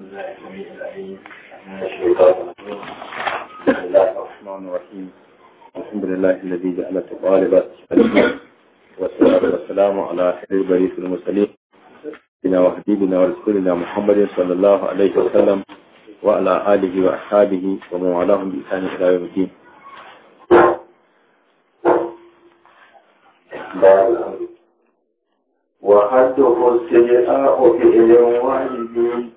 الله السميع العليم من الشيطان الرجيم بسم الله الرحمن الرحيم الحمد لله الذي جعل الطالبات والصلاة والسلام على خير بريف المرسلين سيدنا وحبيبنا ورسولنا محمد صلى الله عليه وسلم وعلى آله وأصحابه ومن والاهم بإحسان إلى يوم الدين وحده استجاء فعل واجب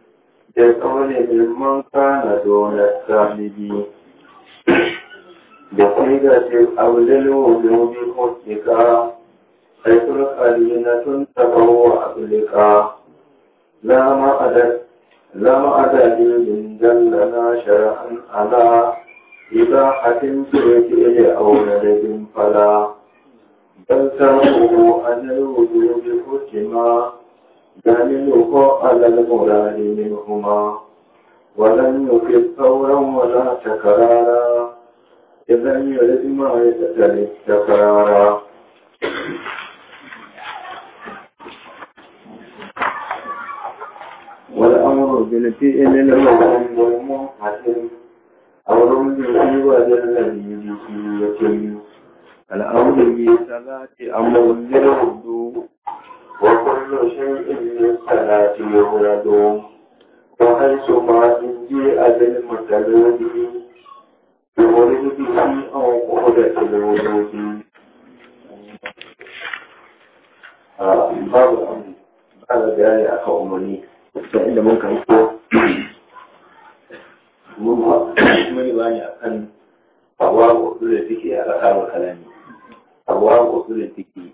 da tsaunin man kana donar samibi da sigatin abdulwudu bi husnika na kalminatun tabawa abulika Afirka. adad lama adalilin dallana shara'an ala ibahatin turki da aure da bin fala bal a an alwudu bi husnika دليله على المراد منهما ولم يكب فورا ولا تكرارا إذا يرد معرفة للتكرارا والأمر بالفعل العلم والمنحتم أمر به وذل بنسية الأمر بثبات أمر بالهدوء وكل شيء للصلاة يولد وحيثما إن جيء بالمتلود يولد به أو قهدة الوجود a da mun kan ko mun yi bayani a kan abuwa ko da take a ƙasa kalani. abuwa ko da take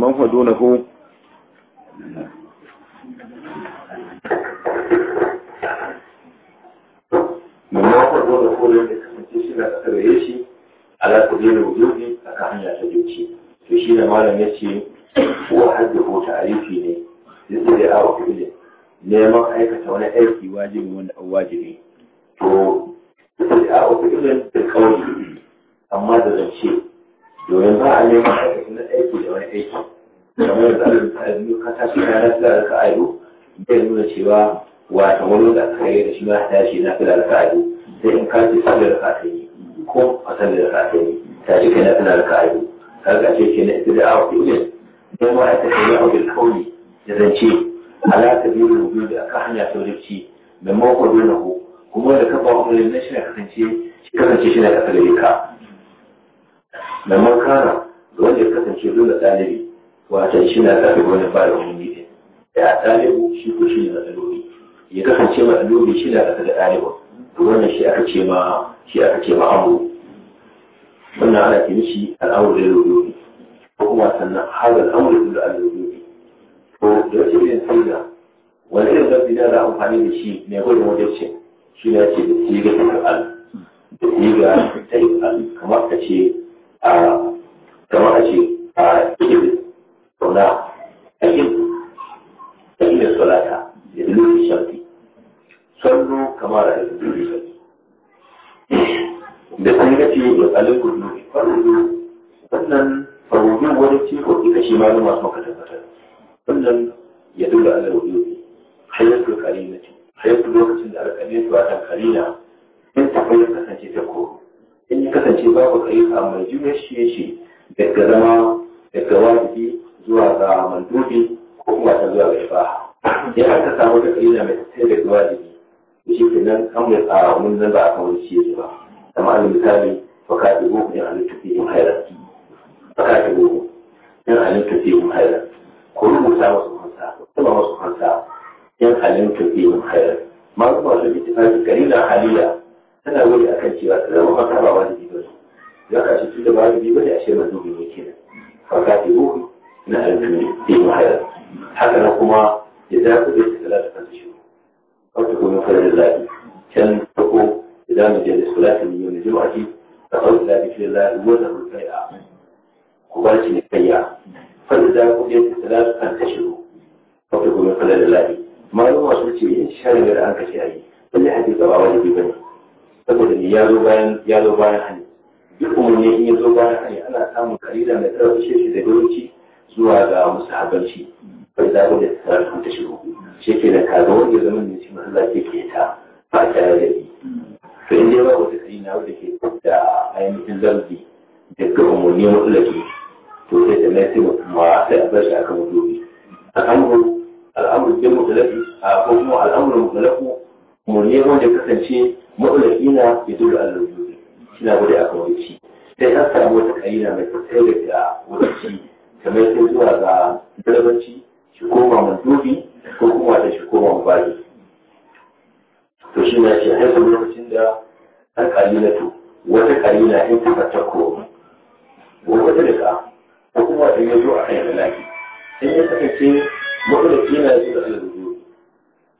من هو دونه hudunahu kodon da kasance shi na tsaraye shi a kan to shi da malam ya ce a haddahu ne zai da awa aikata wani aiki wajibi wanda to da awa amma da zance domin ba a neman aiki na aiki da wani aiki kamar da alƙalmi ka tashi na nasu da alƙa'ayu zai nuna cewa wata wani da aka yi da shi ma ta shi na fila da alƙa'ayu sai in ka ce da alƙa'ayi ko a da alƙa'ayi ta shi kai na fi da alƙa'ayu ga ce ke na ita da awa ɗin don ma ita ta yi awa ɗin kauli da zance alaƙa biyu da biyu da aka hanya sau da mako dole kuma da kafa wani na shi na kasance shi kasance shi na kasance ka da man da wanda ya kasance dole ɗalibi wato shi na tafi wani ba da umumi ne da ɗalibu shi ko shi na ɗalibi ya kasance ma ɗalibi shi na ƙasa da ɗalibin to wannan shi aka ce ma shi aka ce ma amu wannan ana ke mishi al'amur da rubutu ko kuma sannan har al'amur da rubutu ko da wace irin sauya wani irin gabi da za amfani da shi mai gudun wajen shi ne ce da siga ta al'al da siga ta al'al kamar ka ce kamar a ce a ilim sauna ayyim ayyim salata da dulubi shafi Sannu kamar a yi dulubi shafi da sun ga ce ya tsalin kudu farudu wannan farudu wani ciko ita shi malum masu maka tabbatar wannan ya dula ala wudu hayatul karinati hayatul lokacin da alkalin tuwa ta karina in tafiya kasance ta koro in ya kasance babu khalifa mai juya shi ya shi daga zama daga wajibi zuwa ga mandubi ko kuma ta zuwa ga ibaha ya aka samu da kalila mai sai daga wajibi shi ke nan an mai tsara mun zan ba a kan wani shi ba amma an misali fakati ko in an tafi in haira fakati ko in an tafi in haira ko rubuta masu ko kuma masu hansa in halin tafi in haira ma zuwa da bitifati kalila halila tana wuri a kan cewa ta zama maka ba wajibi ba su ya ce tun da ba wajibi ba ne ashe ba zuwa ne kenan farka ta yi na alfini ta yi mahayar haka na kuma za ku zai tsala da kan shi kawai kuma da lafi can ya za mu je da salati ne yau da juma'a ce ta kawai da bi kira lafi wanda mun kai a ku ba shi ne ya farin da ku je da kan ta shiru kawai kuma farin ma malama masu ce yin sharin da an kashe ayi wani hadisi ba wani ba ne saboda ya zo bayan ya zo bayan hanya duk umarni in ya zo bayan hanya ana samun kalilan da karfashe shi da yawanci zuwa ga musahabanci bai zaɓo da tsarafin ta shigo shi ke da kaga wanda ya zama ne shi Allah ke ke ta ba tare da ni to in dai ba wata kalila wanda ke da ainihin zargi daga umarni mutlaki to sai da na sai mutum ma sai a bar shi aka mutobi al'amuru al'amuru ke mutlaki a ko kuma al'amuru mutlaku umarni wanda kasance maulakina ya zuru Allah yau suna gudu a kawai sai an samu wata kayina mai tsaye da wadanci kamar sai zuwa ga dalabanci shi koma dubi ko kuma da shi koma mubali to shi na ce haifar lokacin da an na to wata na in ta fata ko wata daga ko kuma da ya zo a kan lalaki in ya kasance maulakina ya zuru a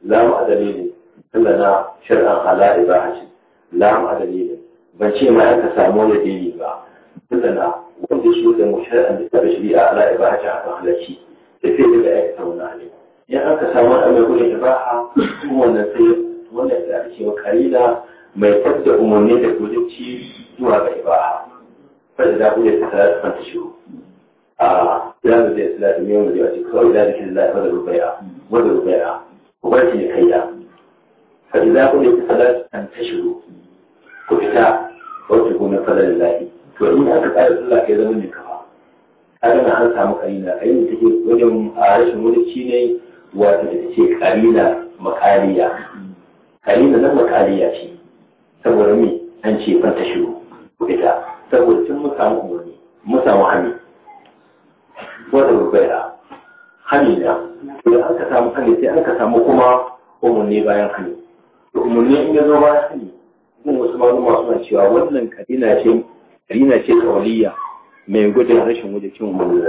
Allah yau za mu tunda na shir'an ala ibrahim lam adalilin ban ce ma aka samu da dalili ba tunda na wanda shi da mushar'an da tabi shari'a ala ibrahim akan halacci da sai da ya samu na halin Ya aka samu wani mai gudun ibaha kuma wannan sai wannan sai aka ce wa mai fadda umarni da gudunci zuwa ga ibaha fadda da gudun ta tsara kan ta shiru a zamu da islamu ne wanda ya ce kawai da kike da fadda rubai'a wanda rubai'a ubanci kai kaiya فإذا قضيت الصلاة فانتشروا كفتا وابتغوا من فضل الله وإن أتقال الله كذا من كفا هذا ما أنسى مقالينا أي تجي وجم أعرش مدتشيني وتتشي قليلة مقالية قليلة لم مقالية شيء saboda me an ce fanta shiru ita saboda sun mun samu umarni mun samu hami wata rubaira hami na to da aka samu hami sai aka samu kuma umarni bayan hami to umarni in ya zama sani mun wasu maluma suna cewa wannan karina ce karina ce kawaliya mai gudun rashin cin umarni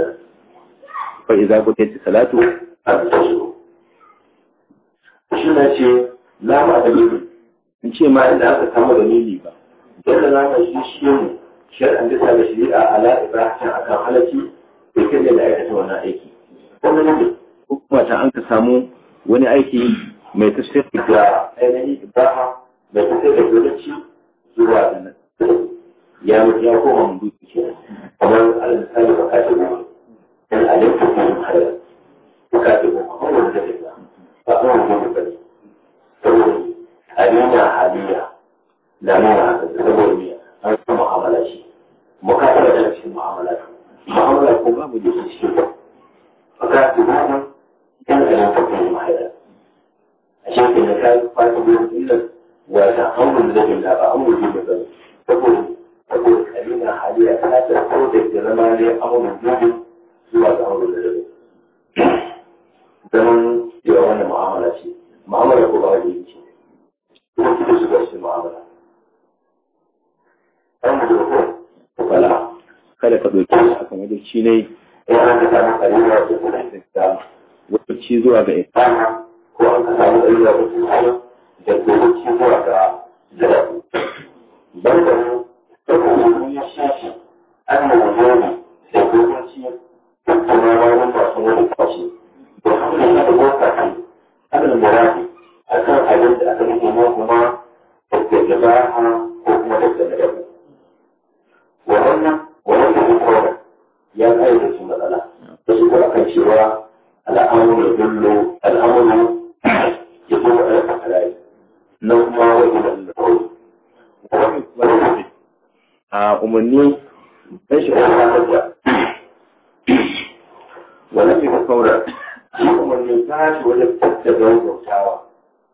fa ku qutiyat salatu shi na ce la ma dalili in ce ma inda aka samu da dalili ba dole na ka shi shi mu shar'an da sabu shari'a ala ibrahim akan halaki da kake da aikata wannan aiki wannan ne kuma ta an ka samu wani aiki mai tafsir da ainihin ibraha mai tafsir da gudunci zuwa da ya koma mu kamar alal misali ba kashe ta yi fata wurin nan wata auren da bin ba auren da bin ba saboda saboda kalina haliya ta ta so da ke zama ne auren da zuwa ga auren da bin zaman yawa wannan mu'amala ce mu'amala ko ba wani ce kuma kike shiga shi mu'amala an mu ko ko kada ka ɗauki akan wajen ci ne ya eh, ana ta samu kalina ko kuma ta ci zuwa ga ita ko an samu ɗari da wasu hana da dokoki zuwa ga jira. da mu, ɗauka wani ya shashi an na wajeni da dokoki tattara bayan masu wani kwashi. Da hannun yana da wata kai, abin muradi a kan abin da aka nufi ma kuma da jabaha ko kuma da jama'a. Wannan, wannan da ya ya kai da su matsala. Wasu a kan cewa al'amuru dullo, al'amuru umurni dan shi kuma ta tafiya wala fi kaura shi umurni ta shi wajen tafiya da rubutawa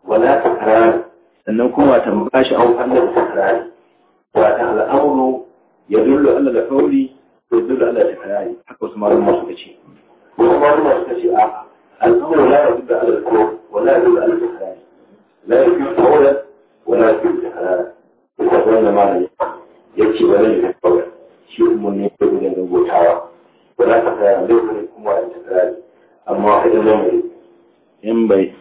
wala ta karari sannan kuma tambaya shi an fannin ta karari ta al'amuru ya dullu Allah da kauri ya dullu Allah da karari haka wasu malama suka ce wasu malama suka ce a al'amuru la ya dullu Allah da kauri wala ya dullu Allah da karari لا يكون قولا ولا يكون حلالا يقول ما لا ya ce wani yi kawai shi ne ya wurin rubutawa wani aka tsaya zai kuma a ta tsari amma a yi mai in bai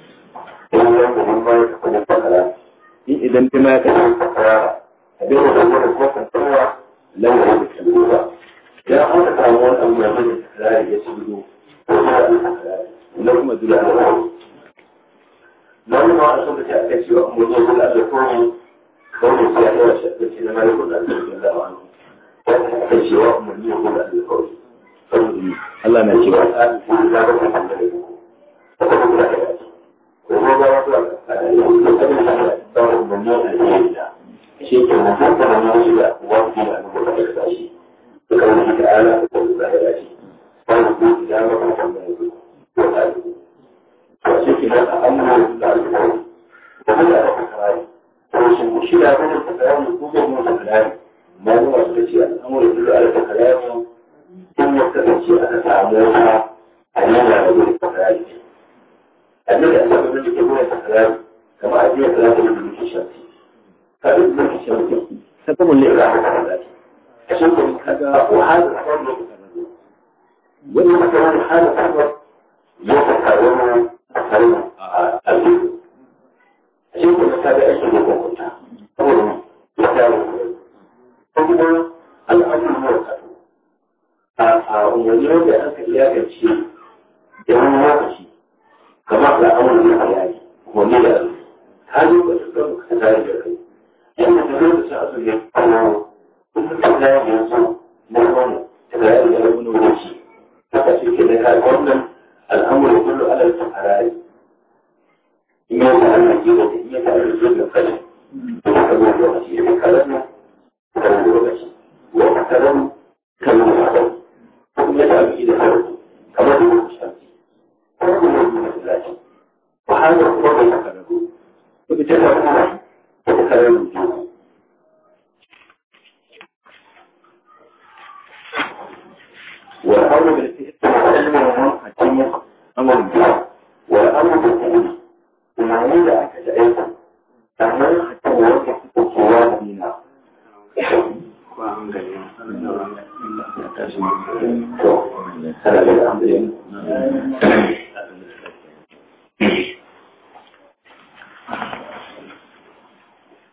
in yan gobe ma ya tafi da fakara in idan ta ma ya tafi da fakara a bai da wani kuma kan tsawa da ya kuma samu wani abu mai mai tsari ya ci gudu ko ya yi tsari na kuma dula da na wani a sun da ta aka cewa umarni ya wurin da kowane قول في أنواع شدة إنما يقول أن الله عنه وأن سواء من يقول أن القول الله ما يجيب شيء من هذا الموضوع وفي عليه السلام كما أدي ثلاثة من الشمس فمن الشمس سبب لإباحة الشمس هذا وهذا الحمد وإنما كمان هذا الحمد يتكلم كلمة الجن الجن المتابع إيش اللي قلتها أولا يتابع ثم الأمر مرتب ومن يوم بأنك إياك الشيء يوم واقع شيء كما قال أولا من wani ya hali ba su ka ta da kai yadda da zai sa su ne kawo kuma da ya yi so na wani da ya yi da wani wuce haka shi ke da kai wannan al'amuran kullu alal fuqara ne ya ta Allah ke da ya ta